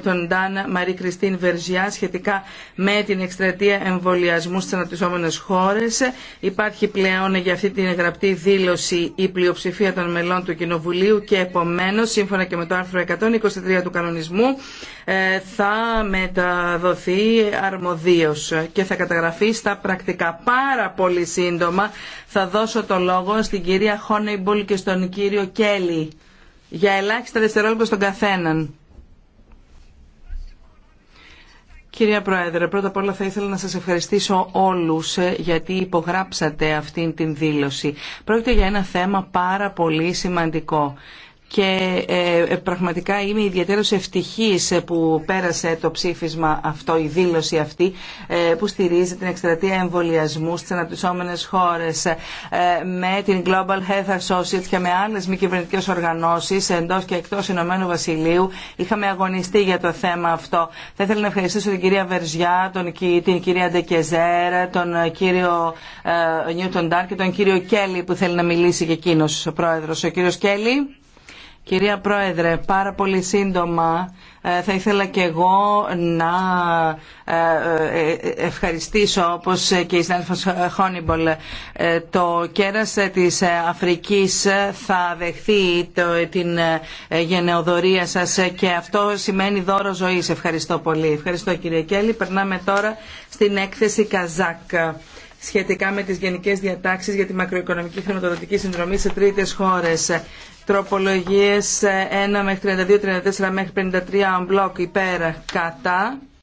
τον Ντάν Μαρή Κριστίν Βερζιά σχετικά με την εκστρατεία εμβολιασμού στι αναπτυσσόμενε χώρες. Υπάρχει πλέον για αυτή την γραπτή δήλωση η πλειοψηφία των μελών του Κοινοβουλίου και επομένω, σύμφωνα και με το άρθρο 123 του κανονισμού ε, θα μεταδοθεί αρμοδίω και θα καταγραφεί στα πρακτικά. Πάρα πολύ σύντομα θα δώσω το λόγο στην κυρία Χόνεϊμπολ και στον κύριο Κέλλη για ελάχιστα δευτερόλεπτα στον καθέναν. Κυρία Πρόεδρε, πρώτα απ' όλα θα ήθελα να σας ευχαριστήσω όλους ε, γιατί υπογράψατε αυτήν την δήλωση. Πρόκειται για ένα θέμα πάρα πολύ σημαντικό και ε, ε, πραγματικά είμαι ιδιαίτερος ευτυχής που πέρασε το ψήφισμα αυτό, η δήλωση αυτή ε, που στηρίζει την εκστρατεία εμβολιασμού στις αναπτυσσόμενες χώρες με την Global Health Associates και με άλλες μη κυβερνητικέ οργανώσεις εντός και εκτός Ηνωμένου Βασιλείου. Είχαμε αγωνιστεί για το θέμα αυτό. Θα ήθελα να ευχαριστήσω την κυρία Βερζιά, τον, την κυρία Ντεκεζέρ, τον κύριο Νιούτον Ντάρ και τον κύριο Κέλλη που θέλει να μιλήσει και εκείνο ο πρόεδρος. Ο κύριος Κέλλη. Κυρία Πρόεδρε, πάρα πολύ σύντομα ε, θα ήθελα και εγώ να ε, ε, ευχαριστήσω όπως και η συνάδελφος Χόνιμπολ το κέρας της Αφρικής θα δεχθεί την γενεοδορία σας και αυτό σημαίνει δώρο ζωής. Ευχαριστώ πολύ. Ευχαριστώ κύριε Κέλλη. Περνάμε τώρα στην έκθεση Καζάκ σχετικά με τις γενικές διατάξεις για τη μακροοικονομική χρηματοδοτική συνδρομή σε τρίτες χώρες. Τροπολογίες 1 ε, μέχρι 32, 34 μέχρι 53 on block υπέρ κατά